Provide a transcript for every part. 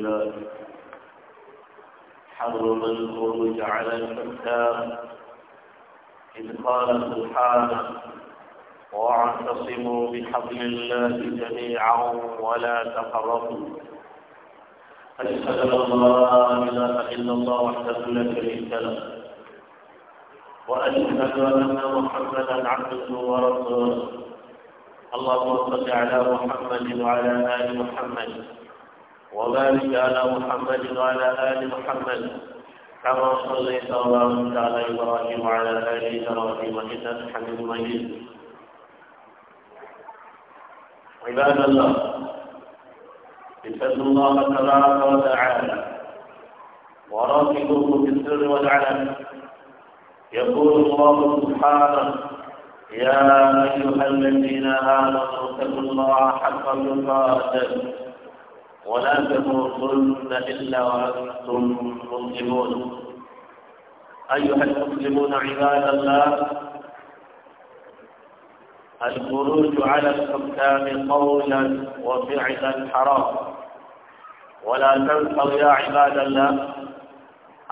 الله حرم الخروج على الفتاه إذ قال سبحانه واعتصموا بحبل الله جميعا ولا تقربوا أشهد أن لا إله إلا الله وحده لا شريك له وأشهد أن محمدا عبده ورسوله اللهم صل على محمد وعلى آل محمد وبارك على محمد وعلى آل محمد كما صليت وباركت على إبراهيم وعلى آل إبراهيم إنك حميد مجيد عباد الله اتقوا الله تبارك وتعالى وراقبوه في السر والعلن يقول الله سبحانه يا أيها الذين آمنوا اتقوا الله حق تقاته ولا تموتن إلا وأنتم مسلمون أيها المسلمون عباد الله الخروج على الحكام قولا وفعلا حرام ولا تنسوا يا عباد الله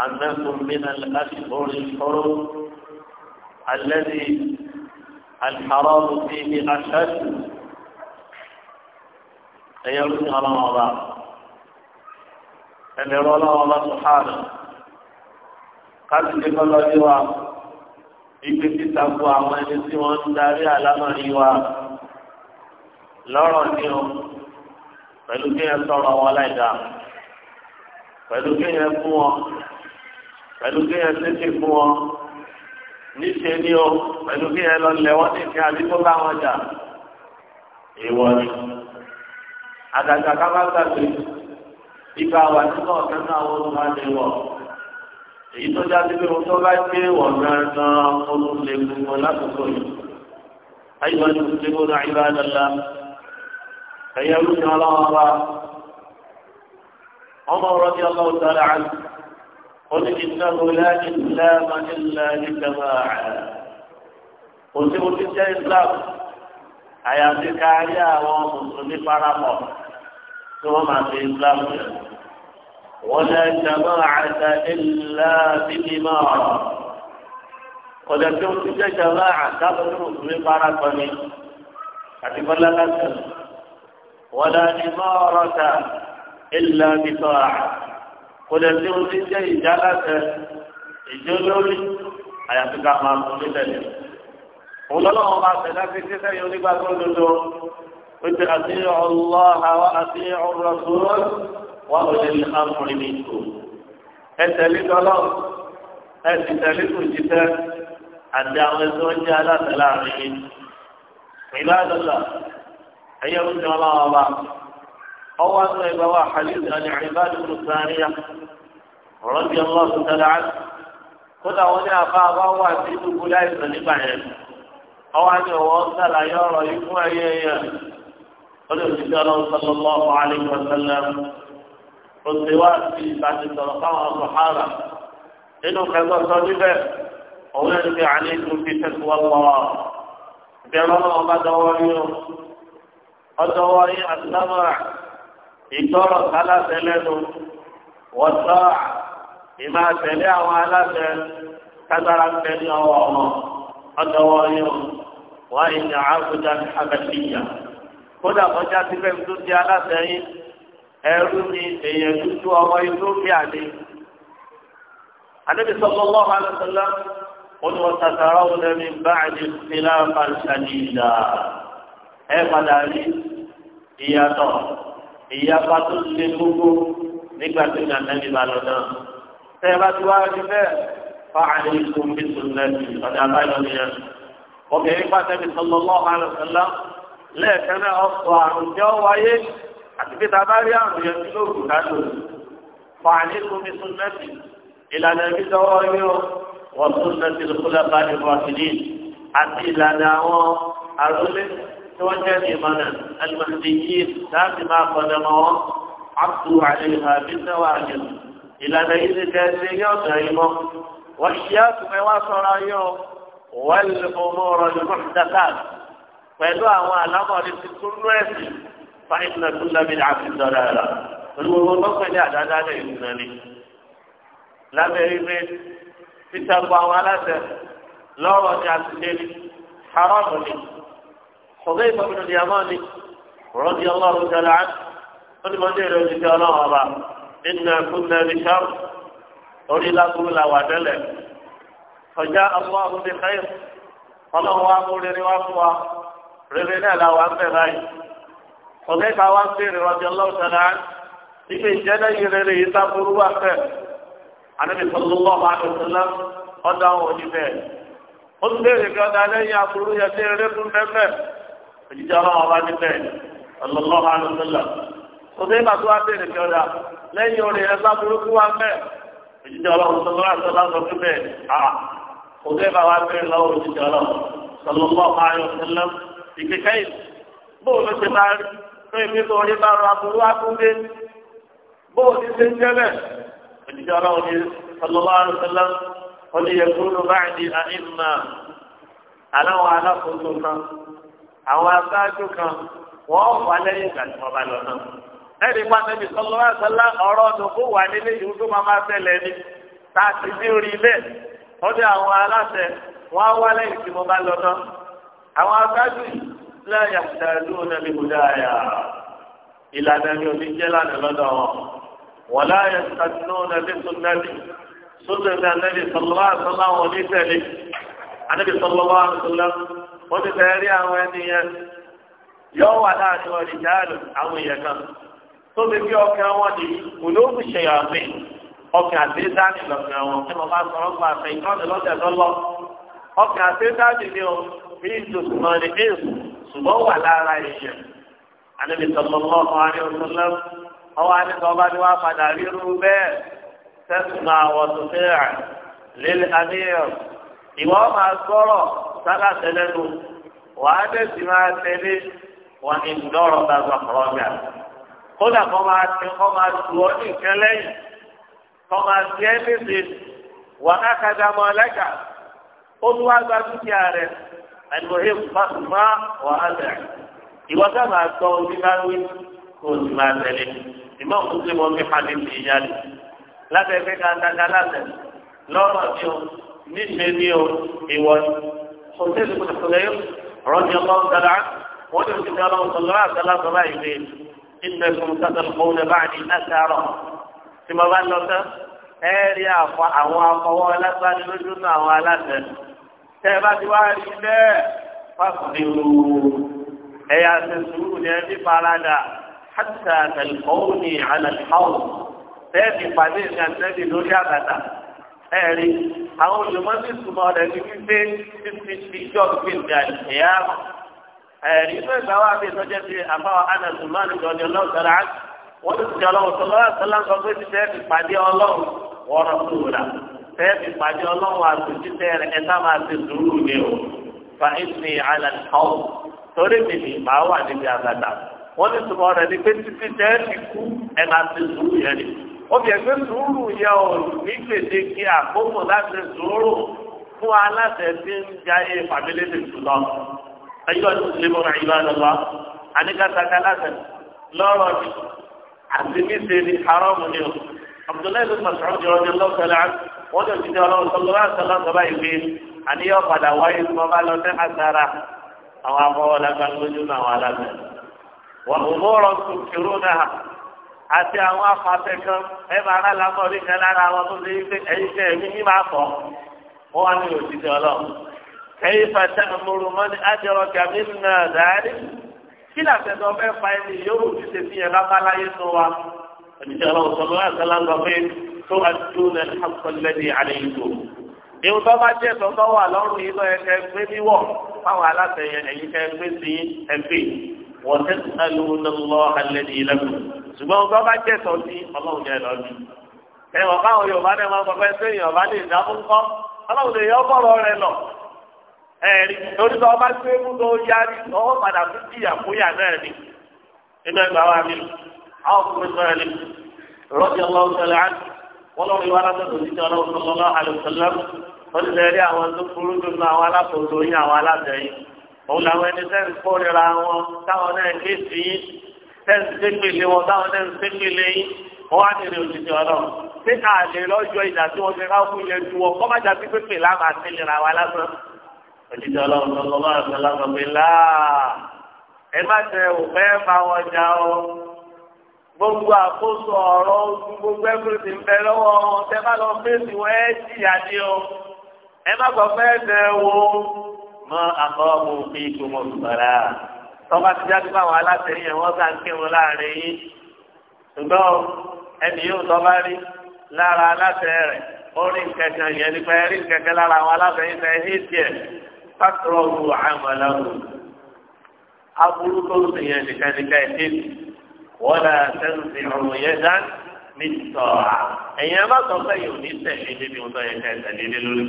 أنكم من الأشهر الحرم الذي الحرام فيه أشد ẹ̀yẹ olùsìn ọlọ́wọ́ ọba ẹ̀lẹ́rọ ọlọ́wọ́ ọba sùhánù káàkiri kọlọ́dé wa ipe títa kú àwọn ẹni tí wọ́n ń darí àlámọ̀rí wa lọ́rọ̀ ni o pẹ̀lú kí yẹn sọ̀rọ̀ wọn láìda pẹ̀lú kí yẹn fún wọn pẹ̀lú kí yẹn tètè fún wọn níṣẹ́ ni o pẹ̀lú kí yẹn lọ lẹ̀ wọ́n ti fi àdínkù bá jà èèwọ̀ ni àgàgà ká má gbàgbé ìgbà wà nínú ọ̀sẹ̀ náà wọ́n tó máa lè wọ̀ èyí tó jáde pé mo tó bá gbé wọ̀ gan-an mo ló lè gbogbo lásìkò yìí ayọ̀ ni mo ti gbóná ìbá lọ́la ẹ̀yẹ lóṣù ọlọ́wọ́ wa ọmọ ọ̀rọ̀ ni ọlọ́wọ́ sọ̀rọ̀ قل إنه لا إسلام إلا لجماعة قلت قلت إسلام أياتك عليها ومسلمي فرمه ثم ما في الإسلام ولا جماعة إلا بالإمارة ولا توجد جماعة تبرز ببركني هذه ولا ولا إمارة إلا بطاعة ولا توجد جلسة الجلول àyàfi ká máa mú nílẹ̀ yẹn. òun lọ́lọ́wọ́ máa tẹ̀lé fi títẹ̀ yóò nígbà tó dodo قلت أطيعوا الله وأطيعوا الرسول وأولي الأمر منكم أنت لك الله أنت لك الكتاب عند الرسول على سلامه عباد الله أي رجل الله الله أو أن يبوى حديث عن عباد بن الثانية رضي الله تعالى عنه قل أولي أخاف أو أسيد كلايس لبعض أو أن يوصل يرى يكون olùsíṣẹ́ ọlọ́run sallallahu alaihi wa sallam òṣèwà sí ìbáṣepọ̀ fáwọn ọ̀sọ̀hárà nínú kẹgbẹ́ sọ níbẹ̀ òun ẹni pé àlékún fi tẹ̀sí wọn lọ bẹ̀rù ọlọ́run bá dọwọ́ rí o ọdọwọ́ rí àtúnámọ́ra ìtọ́rọ̀ kálásẹ lẹ́nu wọ́tọ́ ìmọ̀ àtẹ̀lé àwọn aláṣẹ kátàrà tẹ̀lé ọwọ́ ọmọ ọdọwọ́ rí o wọ́n ìjà àbújá àbẹ̀síyà kódà kọjá síbẹ̀ tó di alátẹ̀yìn ẹrú ni èèyàn dúdú ọmọ ethiopia ni. àdébí sọ́kọ́ lọ́wọ́ àlùfẹ́lá olùwọ̀sàtàrà ọ̀nàmí báyìí nílá fàṣàlìlà ẹ padà rí ìyàtọ̀ ìyapa tó ṣe gbogbo nígbà tó ní àtẹ́lẹ́ bá náà. tẹ́ bá ti wá rí bẹ́ẹ̀ fáàlì ìkùnbí tó lẹ́sìn ọ̀dà àbáyọ̀ nìyẹn. obìnrin pàtẹ́bí sọ́kọ́ lọ́wọ́ àlùfẹ́lá lẹ́ẹ̀kan náà ọ̀pọ̀ àrùn jẹ́ ọ wáyé àti pé ta bá rí àrùn yẹn tí lóògùn dájú fàánì kùmí súnmẹ́tì ìlànà ẹbí dọ́wọ́ yóò wọ́n súnmẹ́tì lókùnlẹ̀ bá ní bọ́sídì àti ìlànà àwọn àrólé tí wọ́n jẹ́ ní ìmọ̀nà alimọ̀sídì yìí láti máa kọjá mọ́ wọn àtú àlehà bí náwà àjẹ́ ìlànà yìí ti jẹ́ sí yóò tẹ̀ yìí mọ́ wọ́n ṣíyá pẹ̀lú àwọn àlámọ̀rí tuntun nú ẹ̀sìn fáìlì tó lábìlì àfihàn ara olùwòwò lọ́pẹ̀lẹ̀ àdádálẹ̀ ìrìnà ni lábẹ́ ilé títakò àwọn aláṣẹ lọ́rọ̀ ní àtúnṣe ni haram ni ọ̀gá ìfọ̀mìnà ni àmọ́ ni rọ́bì ọlọ́run tẹ̀lé ó ní mọ́tò èrò ìdíje ọlọ́run ọba nínú ẹ̀kún náà sáà orí lágbóró la wà tẹ́lẹ̀ ọjà ọlọ́run ti rere náà la wà ń bẹ̀ báyìí ọ̀gá ìka wa ń bèrè rọ̀bì ọlọ́ọ̀tàlá ibi ìjẹ́lẹ̀ yìí rere yìí sábúrú wà fẹ́ àdébí sọlọ́wọ́ àdùnsọ́lá ọ̀dà àwọn oníbẹ̀ ó ń bèrè kí ọ̀dà lẹ́yìn àbúrú yẹn sí eré fún bẹ́ẹ̀ òjijì ọlọ́wọ́ bá níbẹ̀ ọlọ́wọ́ àdùnsọ́lá ọ̀gá ìka tó wà bèrè kí ọ̀dà lẹ́yìn orí yẹn sábúrú kú wà fẹ́ òjijì ọlọ́wọ́ sọlọ́wọ́ àdùnsọ́lá sọ ìkẹkẹ yìí bóun ló ṣe máa rí tó ìpín tó orí bá ra burú akúndé bóun ti ṣe ń jẹ́lẹ̀ òjijì ọlọ́run ní sọlọ́wọ́ ọrụ ó ní yẹkúrú báyìí àìmọ̀ aláwọ̀ alákòóso kan àwọn aṣáájú kan wà ìgbà tí bá lọ náà ọ̀rọ̀ ọdún láyà tàlú nàbí hùdáyà ìlànà mi ò ní jẹ́ lánà lọ́dọ̀ wọn wọ́n láyà tàlú nàbí sunnati sunnati anabi sọlọ́wọ́ àtọ́lá wọn ní tẹ̀lé anabi sọlọ́wọ́ àtọ́lá wọ́n ti tẹ̀lé àwọn ẹni yẹn yọ wà láàrin wọn ìjáàlù àwọn èèyàn kan tó ti fi ọkàn wọn di olóògùn ṣèyàmí ọkàn àti lọ́kàn wọn tí mo bá sọ̀rọ̀ gba àfẹ́ ìtọ́ni lọ́sẹ̀ lọ́lọ́ ọkàn àti ni o fi ìjọsìmọ̀ ní ẹ̀rù ṣùgbọ́n wà lára ìyẹn. Ànábì sallallahu alaihi wasallam ọwọ́ àdìsọ́ bá ní wá padà ríru bẹ́ẹ̀ tẹ́sùmọ̀ àwọn tó fẹ́ràn lílẹ̀ àníyàn. Ìwọ́ máa gbọ́rọ̀ sára tẹ́lẹ́nu wàá dẹ̀sí máa tẹ́lé wọn ni lọ́rọ̀ bá gbà kọ́rọ́ gbà. kódà kọ́ máa ti kọ́ máa tù ọ́ ní nǹkan lẹ́yìn kọ́ máa ti ẹ́ níbi wà á kájà mọ́ ẹlẹ́kà ó tún wá gba dúkìá rẹ̀ المهم فاسمع وأدع ìwọ sábà sọ omi bá wí kó o sì máa tẹ̀lé ìmọ̀ òkúté wọn fi hàn níbi ìyáni lábẹ́ pé dáadáa láti lọ́rọ̀ ni o níṣe ni o ìwọ ni òṣèlú ìpínlẹ̀ sọ̀rọ̀ yìí rọ́ọ̀dì ọlọ́run dára wọ́n ti fi dáná sọ̀rọ̀ àtàlà sọ̀rọ̀ àìlè ìnẹ̀kùn sátẹ̀lẹ̀ kọ́ ní báyìí láti àárọ̀ tí mo bá lọ sẹ́ ẹ́ rí àwọn afọwọ́ lágbára lójú náà àwọn aláṣẹ tẹ bá ti wá rí bẹ́ẹ̀ fáfúnni lóru ẹ̀yà ṣe sùúrù ní ẹbí farada hàtà tẹlifọ́ọ̀nì àlàkàwọ̀ bẹ́ẹ̀ ti pàdé ní àtẹ́bí lórí àgàtà ẹ̀rí àwọn olùmọ́sí súnmọ́ rẹ̀ ní wípé fífi fi jọ́ gbé ní àìsíyá ẹ̀rí inú ìgbà wa bí ìtọ́jẹ́ ti àbáwọ̀ anàtúmọ́ni lọ́dẹ ọlọ́ọ̀tara wọ́n ti ti ọlọ́wọ́ sọlọ́wọ́ sọ pé tẹ́ẹ̀fì pàdé ọlọ́run àtúntìtẹ́ rẹ̀ ẹ sábà ti sùúrù ni o fa ìsìn àlà kọ́ torí mi ní màá wà níbi àgàdà wọ́n ti sùnmọ́ rẹ̀ ní pé títí tẹ́ẹ̀fì kú ẹ ti sùúrù yẹn ni obì ẹgbẹ́ sùúrù yẹ ò ní gbèdéke àkókò láti sùúrù fún aláṣẹ tí ń jayé fàmílì ti sùn lọ ẹyọ ìlú ìlú àdàlọ́ àníkàtàkà aláṣẹ lọ́rọ̀ ni àti níṣe haram ni o Abdullahi bin Mas'ud jọ̀ọ́ wọ́n tó ti di ọlọ́run sọ́lọ́ láti sọ́lọ́ sọ́lá ìgbé àníyàn padà wáyé tí wọ́n bá lọ sí àtàrà àwọn afọwọ́ lágbàlójú náà wà lábẹ́. wọ́n mú mọ́rọ̀ tún kírú náà àti àwọn afàfẹ́ kan ẹ máa rà lámọ́ orí kan lára àwọn tó ṣe pé ẹ̀yin tẹ́ ẹ̀mí ní máa kọ́ wọ́n wá ní òjijì ọlọ́run. kẹ́yìn fàtẹ́ àmúrù mọ́ ní ájọrọ kàmí náà dárí kí làtẹ̀dọ̀ fẹ́ fa ẹni yóò tó àdúrà àkọlẹ́dì àlejò. Ìwọ tó bá jẹ́ tọ́tọ́ wà lọ́rùn yìí lọ́yẹ kẹ́ gbé níwọ̀ fáwọn aláṣẹ yẹn ẹ̀yìn kẹ́ gbé sí ẹgbẹ́. Wọ́n tẹ́ sálú lọ́wọ́ àlẹ́dì ìlẹ́kùn. Ṣùgbọ́n tó bá jẹ́ tọ́ sí ọlọ́run jẹ́ lọ́dún. Ẹ wọ̀ káwọn Yorùbá náà máa ń pọpẹ́ sí Yorùbá lè dá fún kọ́. Ọlọ́run lè yọ bọ̀rọ̀ rẹ lọ. Ẹ̀rí torí tó bá gbé mú lọ yarí ọwọ́ padà fún jìyàkúyà náà ni. Inú ẹgbàá wa mi, àwọn ọkùnrin sọ̀rọ̀ ni, rọ́ọ̀dì ọlọ́run sọ̀rọ̀ wọ́n lọ́wọ́ ìwà alábẹ́sọ̀ títí ọlọ́run tó lọ́wọ́ àlùfẹ́lẹ́m ó ti tẹ̀lé àwọn tó burú jù lọ àwọn alákòóso yín àwọn aláṣẹ yín òun làwọn ẹni tẹ́ ń kórira wọn táwọn náà ké sí yín tẹ́ ń sépèlé wọn táwọn náà ń sépèlé yín wọ́n wá nílé òtítì ọlọ́run pé àlè lọ́jọ́ ìjà tí wọ́n fi ká fún ilé ju wọn kọ́ jà sí pépè láàmà sílera wa òtítì ọlọ́run lọ́wọ́ àlùfẹ́lẹ́m ẹ má tẹ òfẹ́ bá wọn já gbogbo àkóso ọ̀rọ̀ ogun gbogbo ẹgbẹ́sì ń bẹ lọ́wọ́ wọn tẹ́ bá lọ wọn ẹ jìyà ní o ẹ má gbọ́ fẹ́ wo mọ àkọ́kọ́ òfin ìgbìmọ̀ sọ̀rọ̀ tọ́ba ti jáde báwọn alátẹ̀yìn láàrin yín ṣùgbọ́n yóò tọ́ba rí lára alátẹ̀ rẹ̀ ó rí kẹkẹ yẹn nípa rí lára àwọn alátẹ̀yìn tiẹ̀ wọ́lá sẹ́ńsì ọ̀rọ̀ yẹn dá ní sọ̀rọ̀ ẹ̀yin ẹ̀ma sọ pé yóò ní ndị níbi ọ̀dọ́ yẹn ká tẹ̀lé lórí.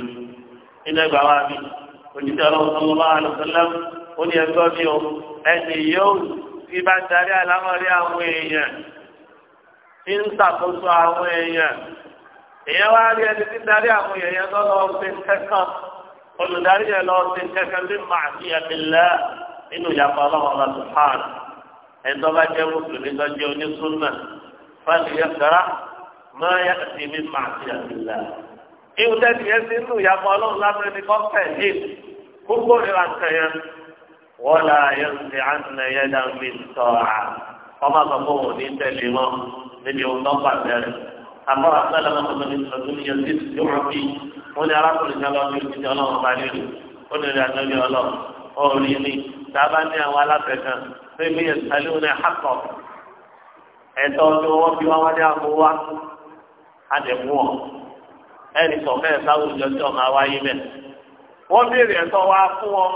nínú ẹgbàá wa òjijì sọ́mọ́ bá ó ní ẹgbẹ́ o ẹni yóò fi bá ń darí àwọn èèyàn ń ṣàkóso àwọn èèyàn èèyàn wá rí ẹni tí darí àwọn èèyàn kẹ́kàn olùdarí yẹn kẹ́kàn bí màá fi ẹ̀mí lẹ́ nínú ẹ̀ńtọ́ bá jẹ́ mùsùlùmí tó jẹ́ onísùnà fáàlì yẹn kára máa yá àti mi máa ti àtìlá. ihun tẹ́tì yẹn ti ń lù yàgbọ́ ọlọ́run lábẹ́ ní kọ́fẹ́ yìí gbogbo ìlà kẹyàn wọ́n là yẹn ti àná yẹn dá mi sọ̀rọ̀ ọmọ àgbàgbọ́ wọn ní tẹ̀lé wọn níbi ohun tó pàṣẹ rẹ̀. àmọ́ àgbàlá máa tọ́jú ní ní yẹn ti yóò fi wọ́n ní arákùnrin náà lọ́ọ́ sábà ní àwọn aláfẹ̀kan pé mi yẹn sálẹ̀ òun ẹ̀ hàkọ̀ ẹ̀tọ́ tí wọ́n fi wá wá ní àpò wá àdẹ̀mú ọ̀ ẹnì kọ̀ọ̀kẹ́ sáwùjọ tí ọmọ àwáyé bẹ̀. wọ́n béèrè ẹ̀tọ́ wa fún wọn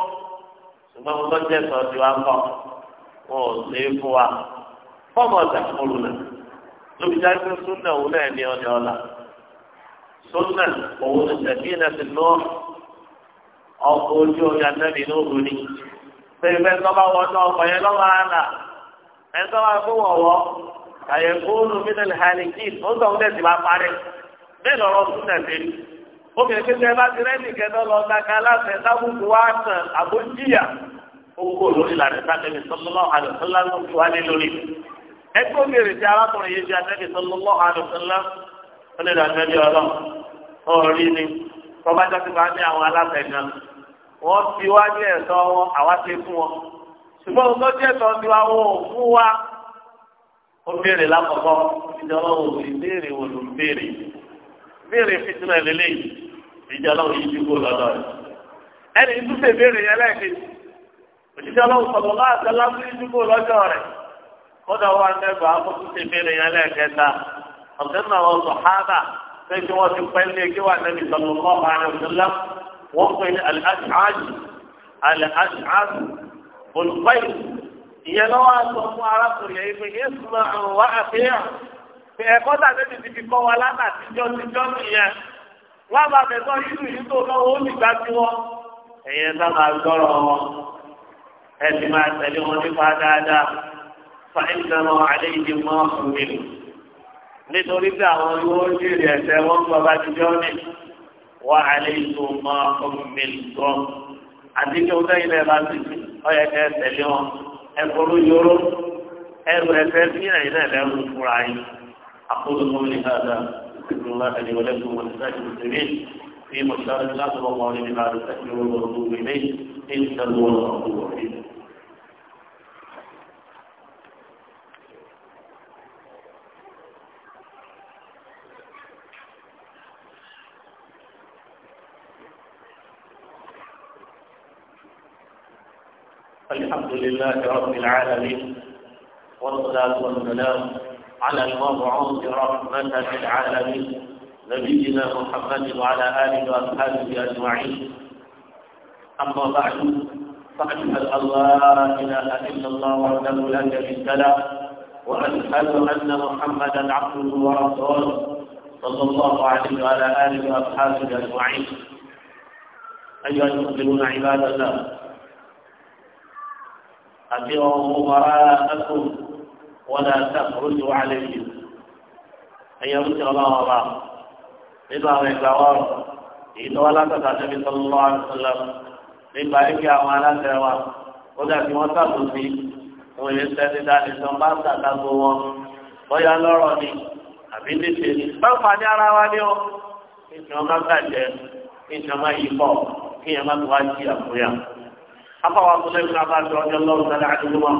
ṣùgbọ́n wọn jẹ́ sọ ti wá kọ́ wọn ò sí fún wa fọ́ọ̀mù ọ̀sẹ̀ kúrú náà lóbi já pé súnà òun náà ní ọ̀dẹ̀ ọ̀la súnà òun ní sẹ̀kí ọkọ̀ ojú ọ̀yà náà ní sèpè ńlọba wọtọ ọkọ̀ yẹn lọba ànà ẹnlọba fún wọwọ àyẹkùnú mílíọnù hàlìkì ó sọ fún tẹsí máa parí bẹ́ẹ̀ lọ́rọ̀ fún tẹsí obìnrin kékeré bá ti rẹ́ẹ̀dì kẹtọ lọ dáká láti sábùkù wá tàn àbójìyà owó lórí làrá sábẹ́mi sọlọ́lá àlùfẹ́lá ló fi wá ní lórí ẹgbẹ́ obìnrin tí arákùnrin yìí di anábì sọlọ́lá àlùfẹ́lá ó lè dàgbẹ́ bí ọlọ́ wọ́n fi wá ní ẹ̀tọ́ wọn àwa ṣe fún wọn ṣùgbọ́n ohun tó jẹ́ ẹ̀tọ́ ti wá wọn ò fún wa ó béèrè lákọ̀ọ́kọ́ ìjọ ọlọ́run ò sì béèrè wò ló ń béèrè béèrè fìtínà lélẹ́yìí ìjọ ọlọ́run yìí dúró lọ́dọ̀ rẹ̀ ẹni ìdúsè béèrè yẹn lẹ́ẹ̀kejì òṣìṣẹ́ ọlọ́run sọ̀rọ̀ máa tẹ lábúrí dúró lọ́dọ̀ rẹ̀ kódà wà nẹ́gbà wọ́n pè ní al-ash'ari al-ash'ari olùkọ́yì ìyẹn lọ́wọ́ àtọ̀ fún arákùnrin yẹn pé ìsúná àrùn wá àfihàn pé ẹ̀kọ́ tàbí ti fi kọ́ wa látàtijọ́ tijọ́ nìyẹn wọ́n bá fẹ́ sọ yíyú yìí tó lọ́wọ́ ó nìgbà tí wọ́n ẹ̀yẹ sábà gbọ́rọ̀ wọn ẹ sì máa tẹ̀lé wọn nípa dáadáa fàìsàn wọn àlẹ́ ìdí mọ́ ọ̀hún mi nítorí pé àwọn yóò jèrè ẹ̀sẹ̀ wọn gbọ́ bá tijọ́ nìyẹn wà á lè tó máa ọ̀gbìn tó àti kí wọ́n lẹ́yìn lẹ́yìn bá ti fi ọ̀yẹ́ kẹ́ tẹ̀lé wọn ẹ̀kọ́rọ̀ yòró ẹ̀rù ẹ̀fẹ́ bí ẹ̀yìn náà lẹ́rù fúnra yìí àkóso mọ́ ní káàdà ìdúrà ẹ̀yìn wọlé fún wọn nígbà tí mo ti rí في مشاركة الله وقوله بعد تكبير الوضوء إليه إن الله هو الحمد لله رب العالمين والصلاة والسلام على المبعوث رحمة للعالمين نبينا محمد وعلى آله وأصحابه أجمعين أما بعد فأشهد أن لا إله إلا الله وحده لا شريك له وأشهد أن محمدا عبده ورسوله صلى الله عليه وعلى آله وأصحابه أجمعين أيها المسلمون عباد الله أطيعوا أمراءكم ولا تخرجوا عليهم أي رسل الله وراء إذا الإقرار إذا ولا تتعلم صلى الله عليه وسلم nípa ẹgbẹ́ àwọn aláṣẹ wa ó dàbí wọ́n sàbòsí òun yẹn sẹ́ni dání sọ bá ń sàkàgbọ́ wọn bóyá lọ́rọ̀ ni àbí níṣe ni báńkà ní ara wa ni ó kí ìṣàn má bàjẹ́ kí ìṣàn má yí pọ̀ kí ìyẹn má tó wá jí àkúyà afọwọ́ abúlé ní abájọ ọjọ́ lọ́wọ́ sálẹ̀ àdúgbò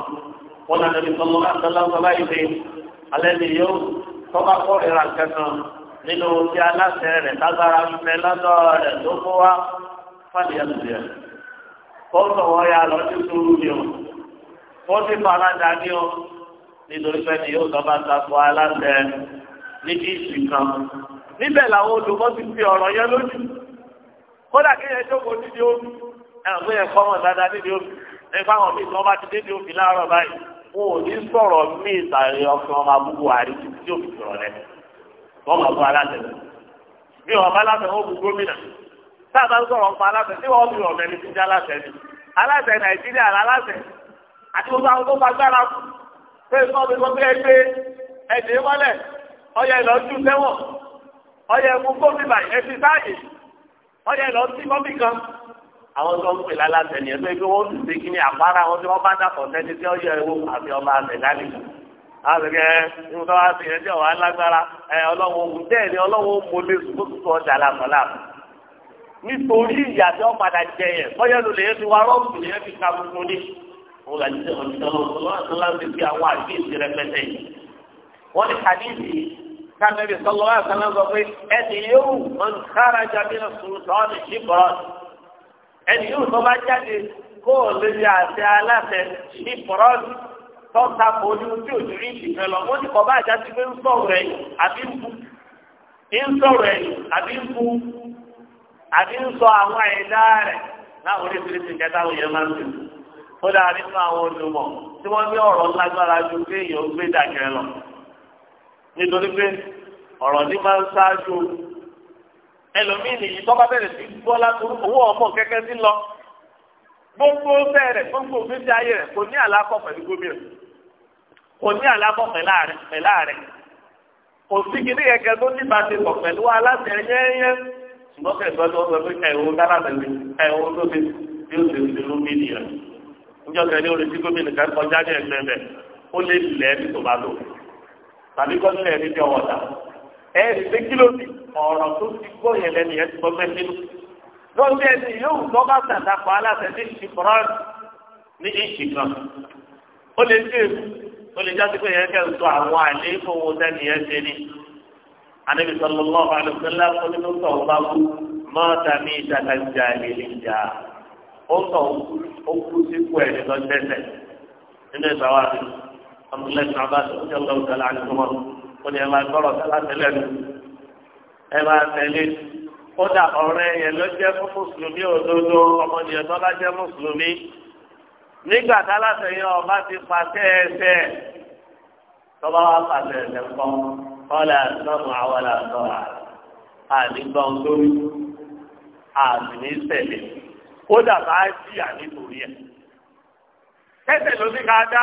wọn náà lẹ́bi sọlọ́ àtàlọ́ sọlá ìfẹ́ alẹ́ ni yóò tọ́ba kọ́ ìrà kẹsàn nínú ti aláṣẹ rẹ̀ tágbára fẹ́ lọ́dọ̀ rẹ̀ tó kó wá fàdí ẹlẹ́dẹ̀ kó sọ̀wọ́ ya lọ sí sùúrù ni o kó sì fara dà ní o nítorí pé ni yóò tọ́ba takọ aláṣẹ ní kí ẹ̀rọ yẹn kọ́ wọn dáadáa níbi tí wọ́n bá ti láàárọ̀ báyìí wọn ò ní sọ̀rọ̀ ọkàn ọmọ abúgbò àrí tí sọ̀rọ̀ rẹ̀ wọ́n máa bọ́ aláṣẹ bí bá aláṣẹ wọn bu gómìnà ń sọ̀rọ̀ aláṣẹ tí wọ́n aláṣẹ ni aláṣẹ nàìjíríà aláṣẹ àti gbogbo àwọn tó àwọn tó ń pè lálàtẹ̀ ni ẹgbẹ́ pé wọ́n ti ṣe kí ni àpárá àwọn tí wọ́n bá dàpọ̀ sẹ́ni tí ó yẹ ewu àti ọba àtẹ̀dálì. àtẹ̀kẹ́ nígbà wá sí ẹjẹ́ wà lágbára ẹ ọlọ́wọ́ ogun bẹ́ẹ̀ ni ọlọ́wọ́ mọlé sùkúrùsù ọjà làmọ́lá. nítorí ìyá tí wọ́n padà jẹ yẹn bọ́yá ló lè yẹ ti wá rọ́ọ̀bù yẹn ti ka gbogbo ní. wọ́n lè ṣe ọ̀dùnkàn كان النبي صلى الله عليه وسلم يقول أديو من خرج من السلطان شبرا ẹni yóò tó bá jáde kó o lè ṣe àṣẹ aláṣẹ ní pọ̀rọ́ọ̀dù tọ́ta kò ní ojú òjú rí ìfẹ́ lọ wọ́n ti kọ́ bá àjá sí pé ń sọ̀rọ̀ ẹ̀yìn àbí ń bu ń sọ̀rọ̀ ẹ̀yìn àbí ń bu àbí ń sọ àwọn ẹ̀dá rẹ̀ láwọn oríṣiríṣi kẹta òye máa ń ó nínú àwọn olùmọ̀ tí lọ nítorí pé ọ̀rọ̀ ní máa ẹlòmíì nìyí tó bá bẹ̀rẹ̀ sí gbọ́ látòrú owó ọmọ kẹ́kẹ́ sí lọ gbogbo bẹ̀rẹ̀ gbogbo fífi ayé rẹ̀ kò ní àlákọ̀ pẹ̀lú gómìnà kò ní àlákọ̀ pẹ̀lú ààrẹ kò sí kíní kẹ̀kẹ́ tó ní ìbáṣepọ̀ pẹ̀lú aláṣẹ yẹ́yẹ́ ṣùgbọ́n kẹ̀kẹ́ tó sọ pé ẹ̀wọ̀n gánàbẹ̀lẹ̀ ẹ̀wọ̀n tó fi tí ó sì ń sinú mídìyà níjọ́ kẹ́ni ó lè sí gómìnà kan kọjá ní ẹgbẹ́ bẹ̀ ó lè lẹ́ẹ̀ ẹ ṣe kílódì ọ̀rọ̀ tó ti gbọ́ yẹn lẹ́nu yẹn ti gbọ́ mẹ́rin nínú. lọ́sẹ̀ ẹni yóò tọ́ bá sàdàpọ̀ aláṣẹ ní ìṣìkọ́rán ní ìṣìkan. ó lè dé ó lè já sí pé yẹn kẹ́ ń sọ àwọn àlẹ́ ìfowó sẹ́ni yẹn ṣe ni. anabi sallallahu alaihi wasallam onínútọ̀ ọba kú mọ́ta ní ìdàkàjà ìlẹ̀jà. ó tọ̀ ó kú síkú ẹ̀ nínú ìgbà wa ni ó ní ẹ máa gbọ́rọ̀ sálá tẹ́lẹ̀ nù ẹ máa tẹ̀lé kódà ọ̀rẹ́ yẹn ló jẹ́ fún mùsùlùmí òdodo ọmọnìyàn tó bá jẹ́ mùsùlùmí nígbà tálàtẹ̀ yẹn ọba ti pàṣẹ ẹsẹ̀ tọ́ba wa pàṣẹ ẹsẹ̀ kọ́ kọ́lá sọ́mù àwọn àtọ́ra àdìgbọ́n lórí àdìnísẹ̀lẹ̀ kódà bá jí àdìtòrí ẹ̀. kẹ́sẹ̀ ló ní ká dá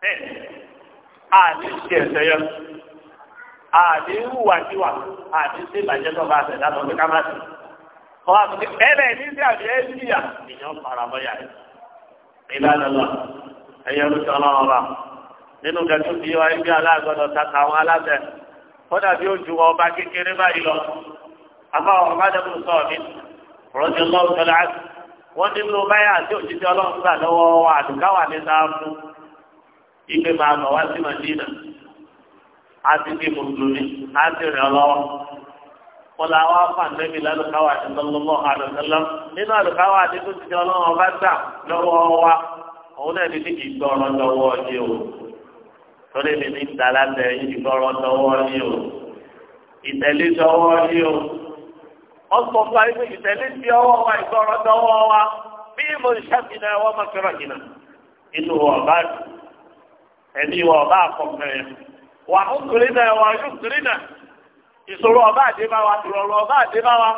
bẹ́ẹ̀ àdìsí yẹn. àbí wùwà tiwa àbí a sẹ̀dá lọ kámásì. Wọ́n á sọ pé ní sí àbí ẹ́ níyà ìyàn faramọ́ e rẹ̀. Ìlànà lọ, ẹ̀yẹ olùsọ ọlọ́run ọba. Nínú kẹtù bí ala ibi aláàgọ́dọ̀ tàkà àwọn aláṣẹ. Kódà bí ó ju ọba kékeré báyìí lọ. Àbá dẹ́kun sọ Rọ́jò lọ́wọ́ tọ́lá. Wọ́n báyà tí ọlọ́run gbà lọ́wọ́ ní sáà fún. máa wá sí Màdínà. àti bí mùsùlùmí àti rẹ̀ lọ́wọ́. Wọ́n la wá fàǹdẹ́bì lálùkáwà àti lọ́lọ́mọ́ àdùnkánlọ́. Nínú àdùnkáwà àti tó ti di ọlọ́wọ́ bá gbà lọ́wọ́ wa, òun náà ní ní kì í gbọ́rọ̀ lọ́wọ́ ni o. Torí mi ní ìdálá tẹ ìgbọ́rọ̀ lọ́wọ́ ni o. Ìtẹ̀lé lọ́wọ́ ni o. Wọ́n sọ fún wa pé ìtẹ̀lé ti ọwọ́ wa ìgbọ́rọ̀ lọ́wọ́ wa. Bí mo ṣàfihàn ẹwọ́ mọ́kẹ́rọ̀ yìí náà, inú ọ̀bá ẹ̀mí ọ̀bá àkọ́kọ́ wà ó náà náà ọba wa ìrọ̀rọ̀ ọba àdébá wa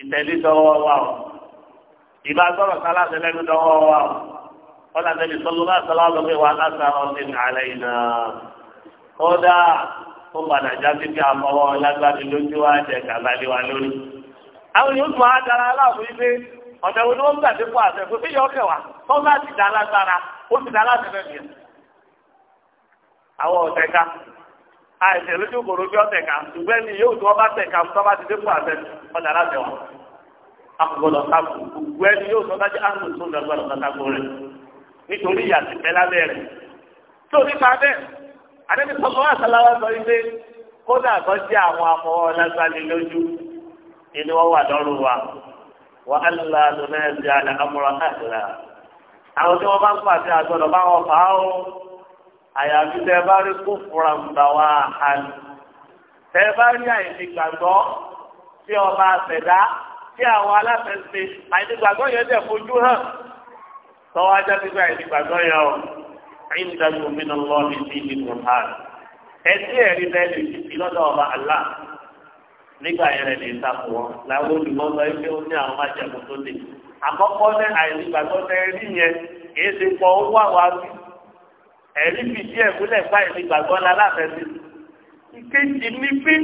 ìtẹ̀lé dọ́wọ́ wa o ìbá sọ̀rọ̀ sálá tẹ̀lẹ́nu wa o ọ̀là tẹ̀lé wa ala kódà ó padà já sí pé àmọ́wọ́ lójú wa jẹ wa lórí. àwọn yóò tún á dára aláàbò yìí pé ni wọ́n gbà dé fún àwọn ọ̀tẹ̀ka àìsè lójú kòrò bí ọ̀tẹ̀ka ṣùgbọ́n yóò tó ọba tẹ̀ka tó ti dé fún àtẹ ọjà láti wà akọ̀gbọ̀dọ̀ kakù gbogbo yóò tó àrùn tó ń rẹ̀ nítorí pẹ́ lábẹ́ rẹ̀ tó nípa bẹ́ẹ̀ sọ́kọ́ wà sọ ilé kódà kan jẹ́ àwọn afọwọ́ lójú inú wọn wa wà á lọ lọ́nà àyàfi tẹ bá rí kó fura ńgbà wá hàn tẹ bá rí tí ọba àṣẹdá tí àwọn aláfẹsẹ àyèfi gbàgbọ́ yẹn tẹ fojú hàn tọwọ ajá ti gba àyèfi gbàgbọ́ yẹn o ẹyin lọ ní ti ẹtí ẹrí ọba nígbà yẹn lè làwọn olùmọlọ ní àwọn tó ní tẹ yẹn kì ẹ̀rí fìdí ẹ̀ múlẹ̀ pa ìlú gbàgbọ́ la láfẹ̀sí. ìkejì ní pí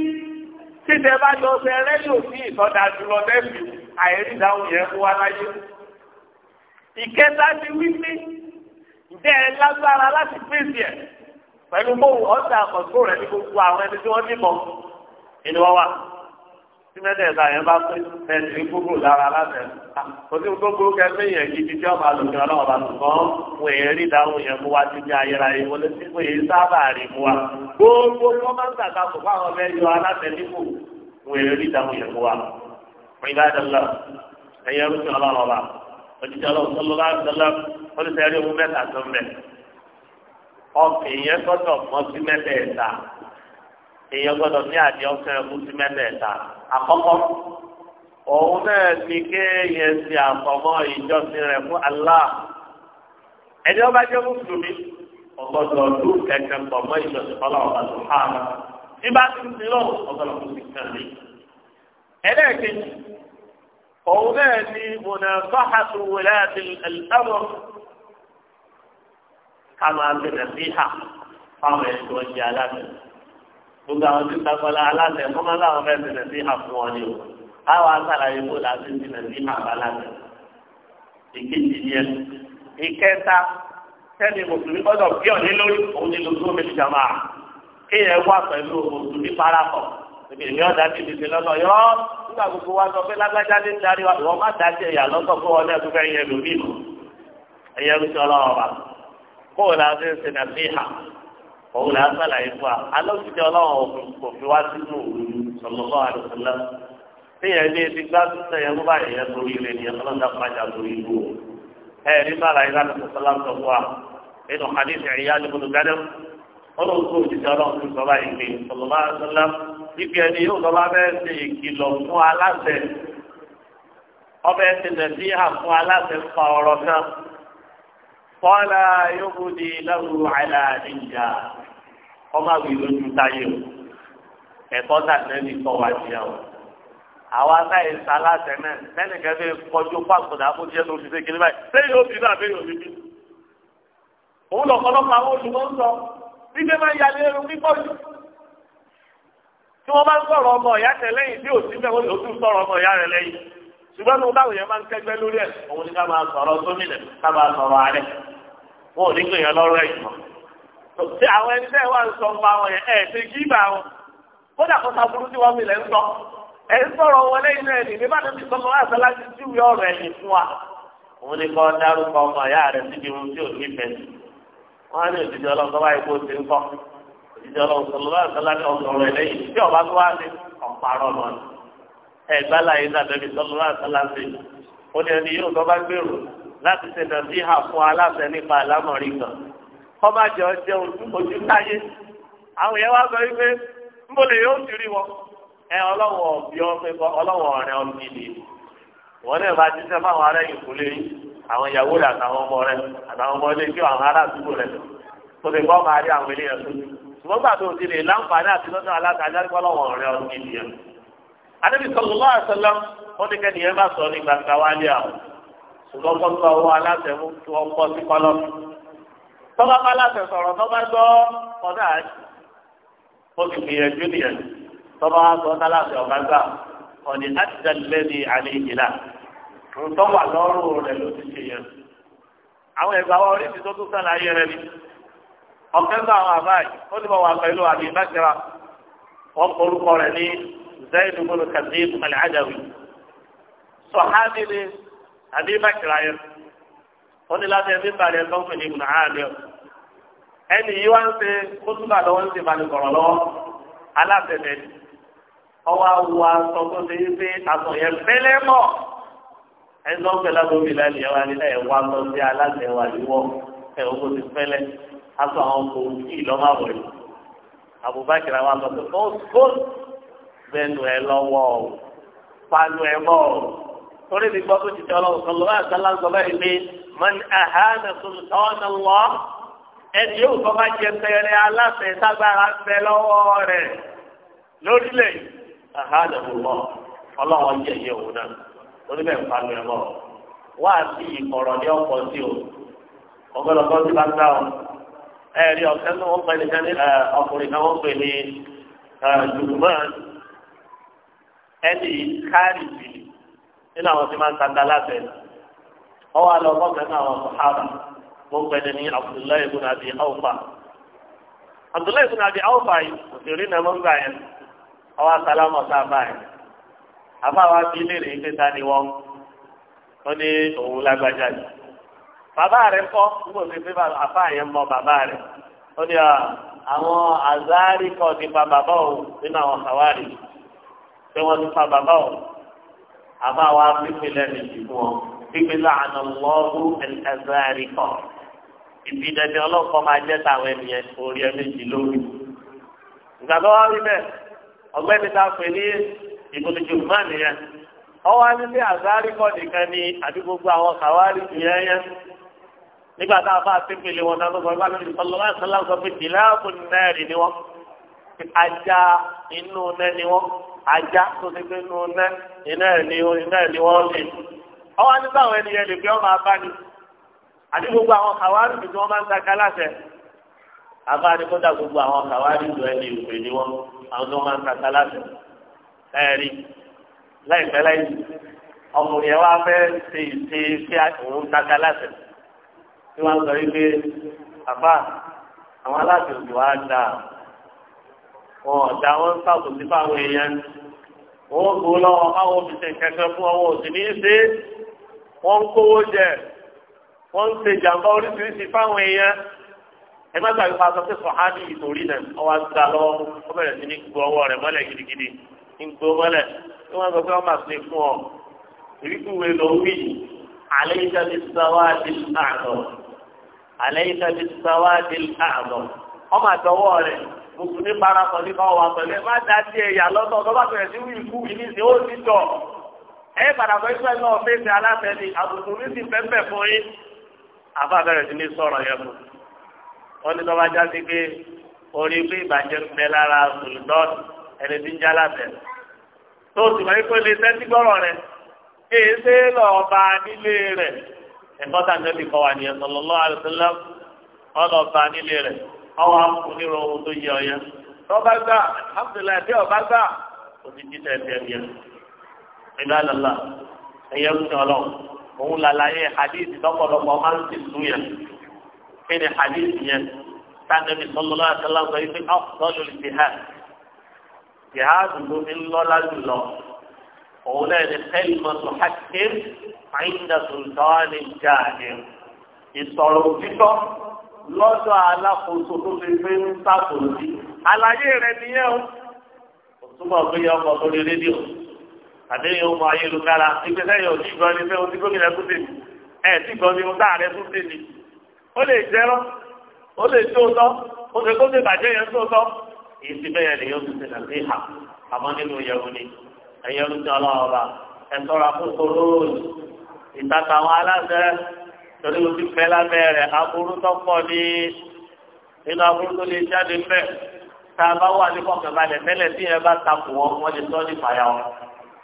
títẹ bá jọ ṣe rẹ́díò sí ìtọ́jà jùlọ lẹ́fì àìrí ìdáhùn yẹn fún wa láyé. ìkẹta ni wípé ǹjẹ́ ẹ lágbára láti pèsè ẹ̀ pẹ̀lú bóun ọ̀sẹ̀ àkọ́tún rẹ̀ ní gbogbo àwọn ẹni tí wọ́n ní mọ́ ìnáwó wa tí mẹ́tẹ̀ẹ̀ta yẹn bá pé ẹ̀sìn gbogbo lára aláṣẹ kò sí gbogbo kẹfẹ́ yẹn gidi tí ọba lòkè ọlọ́wọ́ bá lò kán wọ́n èyí rí dáhùn yẹn mú wa títí ayérayé wọlé tí wọ́n èyí sábà rí mú wa gbogbo kọ́máńtà ta kò bá wọn bẹ́ẹ̀ yọ aláṣẹ nípò wọ́n èyí rí dáhùn yẹn mú wa. ìgbàdàlá ẹ̀yẹ rúṣin ọlọ́wọ́ bá òjijì àkọ́kọ́ òun náà ní kéèyàn ṣe àfọmọ́ ìjọsìn rẹ̀ fún Allah ẹni ọba jẹ́ mùsùlùmí ọgbọ́dọ̀ ọdún kẹ̀kẹ́ pọ̀mọ́ ìjọsìn fọlá ọba tó há lọ nígbà tí ń lọ ọgbọ́dọ̀ kò sí kan lé ẹlẹ́ẹ̀kejì òun náà ní munafahatu wulati al-amr ká máa gbẹ̀dẹ̀ sí ha fáwọn ẹni tó aláàbẹ̀rẹ̀ gbogbo àwọn tí ń tagbọ́lá aláṣẹ kọ́ máa láwọn fẹ́ tẹ̀lé sí àfún wọn ni o àwọn asàlàyé kó láti tẹ̀lé sí àbá aláṣẹ ìkejì ni ẹ ìkẹta sẹ́ni mùsùlùmí gbọ́dọ̀ bí ọ̀ní lórí òun ni lóṣù omi ìjàmà kí ẹ wá pẹ̀lú mùsùlùmí parapọ̀ èmi ọ̀dà ti di ti lọ́nà yọ nígbà gbogbo wa sọ pé lágbájá lè darí wa ìwọ má dájú ẹ̀yà lọ́sọ̀ fún ọ lẹ́nu fẹ́ yẹ lórí ìlú ẹ̀yẹ lóṣù ọlọ́wọ́ wa kó o láti ṣe òun là á sàlàyé fún wa alóòtítẹ́ ọlọ́run kò fi wá sínú òun sọlọ́lọ́ àdùsọ́lá téèyàn ní ebi gbá sísẹ yẹn bá yẹn torí ilé ni ẹ̀sán náà dápájà torí ìlú o ẹ ní sàlàyé láti sọ́lá ń sọ fún wa nínú hadith ẹ̀yà lẹ́gbọ̀dọ̀ gádẹ́ ọlọ́run tó ti sọ ọlọ́run tó sọ báyìí pé sọlọ́lá àdùsọ́lá ibi ẹni yóò sọ bẹ́ẹ̀ ṣe ìkìlọ̀ fún aláṣẹ ọbẹ̀ ti nà sí àfún aláṣẹ fa ọ̀rọ̀ kan kọ́lá yóò kọ́má wí lójú táyé o ẹ̀kọ́ tàbí kọ́ wá sí ẹ̀ o àwọn atáyé sálásẹ̀ náà lẹ́nìkan fi kọjú pàkódà àbójútó ló fi ṣe kiri báyìí sẹ́yìn ó bí náà bẹ́ẹ̀ yóò fi bí. òun lọ̀pọ̀lọpọ̀ àwọn olùkọ́ ń sọ wípé máa ń yalé ẹrù pípọ̀ jù. tí wọ́n bá ń sọ̀rọ̀ ọmọ ìyá tẹ̀ lẹ́yìn tí ò sí bẹ́ẹ̀ ó tún sọ̀rọ̀ ọmọ ìyá rẹ̀ lẹ́yìn. ṣùgbọ́n ní báwo yẹn máa ń kẹ́gbẹ́ lórí ẹ̀ òun ni ká máa sọ̀rọ̀ gómìnà ká máa sọ̀rọ̀ ààrẹ wọn ò ní gbìyànjú lọ́rọ̀ ẹ̀ tí àwọn ẹni bẹ́ẹ̀ wà ń sọ ń bá yẹn ẹ̀ ṣe kí bá wọn kódà kó sàbúrú tí wọ́n mi lẹ̀ ń sọ ẹ̀ ń sọ̀rọ̀ wọlé inú ẹ̀ nìyí bá tóbi sọ́kọ́ wá sọ́lá ti tú ìwé ọ̀rọ̀ ẹ̀yìn fún wa. òun ni kọ́ dárúkọ ọmọ ìyá rẹ̀ síbi ohun tí ò ní fẹ́ wọ́n á ní òjijì ọlọ́run tó kó o ti ń kọ́ òjijì ọlọ́run sọ̀lọ́lá sọ́lá ní ọ̀sọ̀rọ̀ ẹ̀ lẹ́yìn tí ọba kọ́má jẹ ọjẹ́ ojú táyé àwọn yẹn wá sọ wọn ẹ ọlọwọ bí ọ rẹ wọn náà bá ti sẹ́ fáwọn ará yìí kú lé àwọn ìyàwó rẹ àtàwọn ọmọ rẹ àtàwọn ọmọ ilé àwọn ará àdúgbò rẹ tó gbọ́ máa rí àwọn ilé yẹn tó ṣùgbọ́n gbà tó ti lè láǹfààní àti rẹ yẹn. adébí wọn ní kẹ́ni yẹn bá sọ tọ́ba bá láti sọ̀rọ̀ tọ́ba gbọ́ ọ̀dà àti ó sì gbìyànjú nìyẹn tọ́ba sọ tálàfẹ́ ọ̀gá gbà ọ̀nì láti dálé ní alẹ́ ìgbìlá nǹkan wà lọ́rùn rẹ̀ ló ti ṣe yẹn. àwọn ẹ̀gbà wa orí ti tó tún sàlàyé rẹ̀ ni ọ̀kẹ́ bá àwọn àbá ó ti bọ̀ wà pẹ̀lú àbí bákẹ́ra wọ́n korúkọ rẹ̀ ní zayidu bolo kazeem alhadawi sọ̀hábìlì àbí bákẹ́ra yẹn wọ́n ní láti ẹbí balẹ̀ tó ń pè ní ibùdó ààrẹ ẹni yìí wá ń ṣe kótóbà lọ́wọ́ ń ṣe balẹ̀ kọ̀rọ̀ lọ́wọ́ alábẹ̀bẹ̀ ni ọwọ́ awọ aṣọ tó ṣe yí pé aṣọ yẹn pẹ́lẹ́ mọ̀ ẹni tó ń pẹ́ lábọ́ mi láti ẹwà ní ẹ̀ wá lọ sí aláṣẹ wà lúwọ́ ẹ̀ owó ti pẹ́lẹ́ aṣọ àwọn kò kí ìlọ́màwọ̀ yìí Abubakar àwọn aṣọ tó tó bẹ́ẹ̀nu ẹ lọ́wọ́ panu ẹ mọ́ torí ti gbọ́ tó ti tẹ ọlọ́run kan lọ́wọ́ àgbàlagbọ́ báyìí من أهان سلطان الله، ẹni yóò fọ́ máa jẹ pẹrẹ aláṣẹ tágbára ń bẹ lọ́wọ́ rẹ̀ lórílẹ̀ ahana allah ọlọ́wọ́ yẹ yẹ òun náà oníbẹ̀ ń panu ẹ̀ mọ́ wá sí ìkọ̀rọ̀ ní ọkọ̀ sí o ọgbẹ́lọgbọ́n ti bá ń dá o ẹ̀rí ọ̀sẹ̀ ní wọ́n pè ní ọkùnrin náà wọ́n pè ní jùmọ̀n ẹni kárìbì nínú àwọn tí máa ń tata láti ẹ̀ ọwọ́ àlọ́ ọgbọ́n náà wọn sàhábà mo ń pẹ̀lẹ́ ní abdullahi ibn abi awfa abdullahi ibn abi awfa yìí òṣèré náà mo ń gbà yẹn ọwọ́ àsàlámù ọ̀sá báyìí àfáwa bíi léèrè yìí pété ni wọ́n ó ní òun lágbájá yìí bàbá rẹ̀ kọ́ nígbà tí pé àfá yẹn mọ bàbá rẹ̀ ó ní àwọn àzárí kọ́ nípa bàbá òun nínú àwọn sàwárì pé wọ́n ti fa bàbá òun àfáwa fífi lẹ́nu ìdìbò wọn pípé láàánú lọ́ọ̀rù ẹ̀ẹ́dẹ́rì kan ìbí dẹ́dẹ́ ọlọ́kọ̀ máa jẹ́ tàwọn ènìyàn orí ẹ méjì lórí. ìgbà tó wá rí bẹ́ẹ̀ ọgbẹ́ni tá a pè ní ìbùdó jùmọ́ nìyẹn ọwọ́ anílé àzárí kọ́ nìkan ni àbí gbogbo àwọn kàwárí nìyẹn yẹn nígbà tá a fà sípele wọn náà lọ́gbọ̀n ìgbà lórí ọlọ́wọ́ ìsọlá sọ pé tìláàbù náírì ni ni wọ́n ajá inú ọwọ́ nígbà àwọn ènìyàn lè fi ọmọ abáni àti gbogbo àwọn kàwárí tí wọ́n máa ń saka láṣẹ abáni kódà gbogbo àwọn kàwárí ìlú ẹni ìwé ni wọ́n àwọn tó máa ń saka láṣẹ ẹ̀rí láìpẹ́ láì ọkùnrin yẹn wá fẹ́ ṣe ìṣe iṣẹ́ òun saka láṣẹ tí wọ́n sọ wípé bàbá àwọn aláṣẹ òjò á dà wọn ọ̀dà wọn ń sàkóso fáwọn èèyàn wọn kò lọ́wọ́ fáwọn òfìsè kẹkẹ fún ọwọ́ òsì ní í ṣe é. wọ́n ń kówó jẹ wọ́n ṣe jàǹbá oríṣiríṣi fáwọn èèyàn ẹ má gbàgbé pa sọ pé ìtòrí náà ọwọ́ àgbà lọ́wọ́ ó bẹ̀rẹ̀ sí ní gbọ́ ọwọ́ rẹ̀ mọ́lẹ̀ gidigidi ní gbọ́ mọ́lẹ̀ tí wọ́n sọ pé wọ́n máa ṣe fún ọ wí ẹ padà bọ́ ìgbà náà fèsì alátẹ̀lé àbùkù mi sì pẹ́pẹ́ fún yín àfa bẹ̀rẹ̀ sí ní sọ̀rọ̀ yẹn fún wọn ní lọ́wọ́ ajá sí pé orí pé ìbàjẹ́ ń bẹ lára sùlùdọ́ọ̀nù ẹni tí ń já látẹ̀lé tó o sì máa ń pè lè tẹ́tí gbọ́rọ̀ rẹ̀ èyí ṣe é lọ́ọ́ bá nílé rẹ̀ ẹ̀kọ́ tá a nẹ́bí kọ́ wa nìyẹn sallallahu alaihi wasallam ọlọ́ọ̀bá nílé rẹ̀ ọwọ́ akúnirò ohun tó yẹ ọ yẹn tọ́ba gbà alhamdulilayi bí ọba gbà òfin jíjẹ ìdálọ́lá ẹ̀yẹ ń sọ lọ òun làlàyé hadith lọ́pọ̀lọpọ̀ máa ń sì sú yẹn kí ni hadith yẹn sanabi sọlọlá àtàlà sọ yìí pé ọ̀sọ́lù jihad jihad ló fi ń lọ́lá jùlọ òun náà ni kẹ́lìmọ̀tò hakim àyíǹda sultani jáde ìsọ̀rọ̀ òtítọ́ lọ́dọ̀ alákòóso tó fi gbé ń sàkóso àlàyé rẹ̀ nìyẹn o òtúbọ̀ gbé yọ ọkọ̀ lórí rédíò àti yóò mọ ayélujára ìgbésẹ yóò ti gbọ́ ní pé o ti gómìnà tún tèmi ẹ ti gbọ́ ní o tá àrẹ tún tèmi ó lè jẹrọ ó lè tó tọ ó lè gómìnà bàjẹ́ yẹn tó tọ èyí ti bẹ́yẹ ni yóò tún tẹ̀lé sí ha àmọ́ nínú yẹ̀wò ni ẹ̀yẹ ń tẹ ọlọ́ọ̀ba ẹ̀ sọ̀rọ̀ àkókò lóòrùn ìtàkà àwọn aláṣẹ torí o ti fẹ́ lábẹ́ rẹ̀ aburú tó ní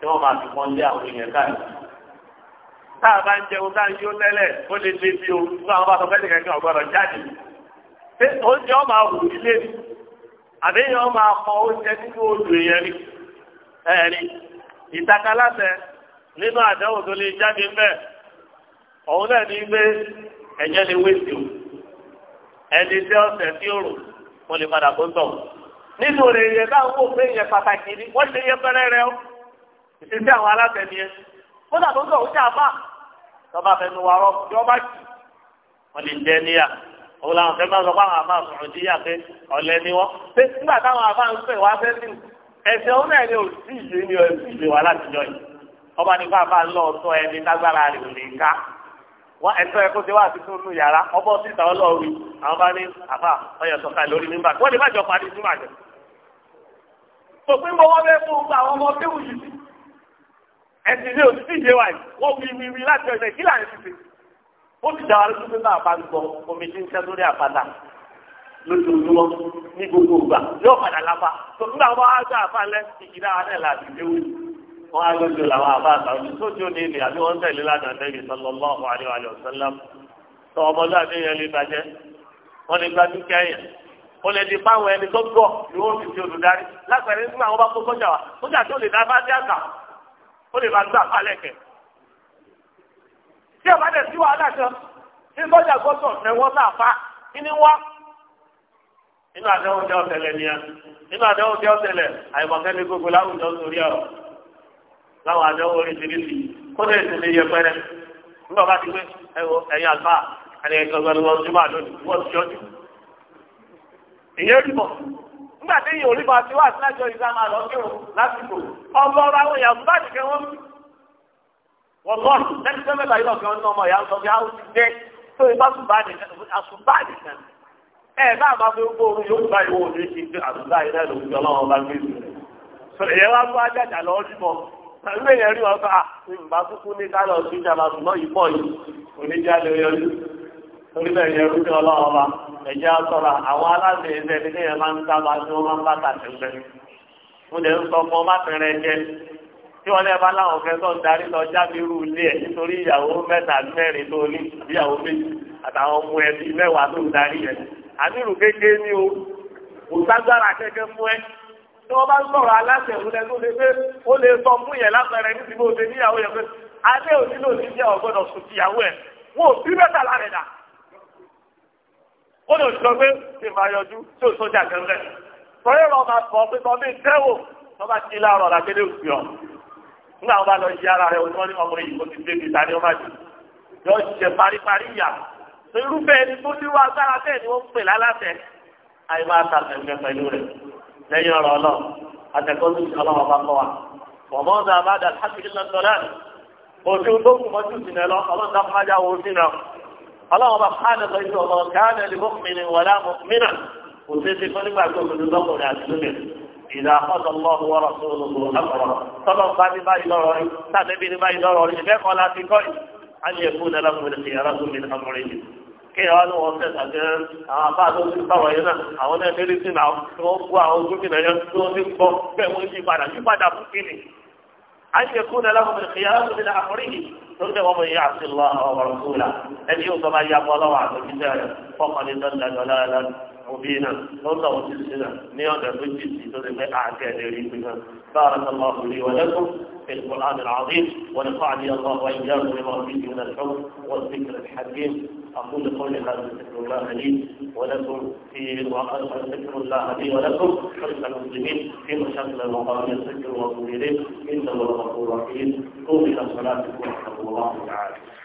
tí wọ́n máa fi wọ́n lé àwọn èèyàn káàkiri. bá ń jẹun tá a ń tẹ́lẹ̀ ó lè lé bí o tí àwọn bá sọ fẹ́ nìkan kí jáde. ṣé oúnjẹ ọmọ àwò ilé ni oúnjẹ nínú odò ni ìtaka láṣẹ nínú àdáwò tó lè mbẹ náà ní ẹ̀jẹ̀ lè o ẹni tí ọ̀sẹ̀ tí ó rò lè padà ń tọ̀ nítorí táwọn pàtàkì ni wọ́n ṣe ìṣesí àwọn alátẹ̀mí ẹ kódà tó ń sọ òṣìṣẹ́ àbá fẹnu rọ bí ọba jù wọ́n lè jẹ níyà òun làwọn sọ fún àwọn àbá pé ni pé nígbà táwọn àbá ń pè wá sí òun náà ni ni yìí ọba nípa àbá ń lọ ẹni lágbára ò lè ká wọn ẹ̀tọ́ ẹ kó wá àtúntò nù yàrá ẹ̀sìn ní òtítì ìyé wa yìí wọ́n wí wí wí láti ọ̀sẹ̀ kí là ń fi ó ti dà wá lójú pé máa bá ń gbọ́ omi tí ń sẹ́ lórí àpáta lójoojúmọ́ ní gbogbo ìgbà yóò padà lápá tó nígbà wọn á gbà àfa lẹ ìkìlá wa náà láti léwu wọn á lójú làwọn àfa àtàwọn tó jó ní ilé àbí wọn tẹ̀lé lánàá nẹbi sallallahu alaihi wa sallam tó ọmọlúwàbí yẹn lè bàjẹ́ wọn lè gba dúkìá yẹn olèdè fáwọn ẹni tó gbọ́ ni wọn fi ti olùdarí lápẹẹrẹ nígbà wọn bá kó sọ́jà wa sọ́jà tó lè dá bá dé àgbà ó lè máa gbà pálẹ̀kẹ̀. tí ọba dẹ̀ sí wàhálà kan tí sọ́jà gbọ́dọ̀ ẹ̀wọ́n náà fa kí ni wá. inú àdéhùn jẹ́ ọ̀tẹ̀lẹ̀ ni ẹ inú àdéhùn jẹ́ ọ̀tẹ̀lẹ̀ àìmọ̀kẹ́ ní gbogbo láwùjọ sórí ọ̀rọ̀ láwọn àdéhùn oríṣiríṣi kó lè sì lè yẹ pẹ́rẹ́ nígbà bá ti pé ẹ̀yin àlùfáà ẹni ẹ̀kọ́ gbẹ̀rẹ̀ nígbà tí yìí orí bá ti wá sílájọ ìsámà lọ sí òun lásìkò àwọn èèyàn bá ti kẹ́ wọ́n mú. wọ́n lọ lẹ́nu tó mẹ́ta yìí lọ́kàn ní ọmọ ìyá ń sọ bí áwùjọ jẹ́ tó ibà ṣùgbọ́n àṣùbáàdìkan ẹ̀ bá àbá fẹ́ gbóòrú yóò bá ìwọ òní ti gbé àṣùgbà ìdá ìlòmíjọ ọlọ́run bá gbé ìsìn sọ̀rọ̀ ìyẹn wá fún ajájà lọ sí mọ́ pẹ̀lú èèyàn rí wọn sọ à ah, ìbá kúkú ní ká lọ sí orílẹ̀ yẹn láwọn fẹ́ tó ń darí lọ jáde irú ilé ẹ̀ nítorí ìyàwó mẹ́ta mẹ́rin tó ní ìyàwó méjì àtàwọn ọmọ ẹbí mẹ́wàá tó ń darí ẹ̀. àmírù kéke ní o kò ságbára kẹ́kẹ́ fún ẹ tí wọ́n bá ń sọ̀rọ̀ aláṣẹ òun lẹ́nu ó lè sọ ó lè sọ pé ṣe yọjú tí ò sójà kẹrẹ sọyẹ lọ máa sọ pé bọmí tẹwò wọn ti láàárọ̀ làgbélé òsì ọ nígbà wọn bá lọ yí ara rẹ wọn ní ọmọ yìí kò ti dé ibi tani ọmọ àti yọ jẹ paríparí yà irúfẹ́ ẹni tó ní wá sára bẹ́ẹ̀ ni wọ́n pè lálàtẹ àyè máa ta tẹ̀gbẹ́ pẹ̀lú rẹ lẹ́yìn ọ̀rọ̀ náà àtẹ̀kọ́ ọlọ́wọ́ bá kọ́ wa ọ̀mọ́ ọlọ́run bá fáànù lọ sí ọmọ káàdì ẹni mọ́kùnrin wọlé mìíràn kò sí ti fún nígbà tó kùnú lọ́kùnrin àti lóbìn ìlà ọ̀dọ̀ ọlọ́run wọ́rọ̀ tó lọ́kùnrin lọ́kùnrin tọ́lọ́ bá ní báyìí lọ́rọ̀ rí sábẹ́bí ní báyìí lọ́rọ̀ rí ìfẹ́ kan láti kọ́ yìí á ní ẹ̀kú náà lọ́kùnrin ti yàrá tó mi ní ọmọrin yìí kí ẹ̀wá ló wọ́n fẹ́ tàbí àwọn afá tó ti bá wọ̀nyẹn náà àwọn náà lérí wọ́n kó àwọn gómìnà yẹn tó ti gbọ́ bẹ́ẹ̀ wọ́n yí padà yí padà fún kínní أن يكون لهم الخيار من أمره ثم ومن يعص الله ورسوله أن يؤتى من يعصى الله عز وجل فقد ضل ضلالا مبينا والله وسلسلة نيادة بجد تدرك أعكاد يريكنا بارك الله لي ولكم في القرآن العظيم ونفعني الله وإياكم بما فيه من الحكم والذكر الحكيم أقول قولي هذا ذكر الله لي ولكم في ذكر الله لي ولكم حرص المسلمين في مشاكل المقام الذكر وقول إليه إنه الغفور الرحيم قوم إلى صلاتكم ورحمة الله تعالى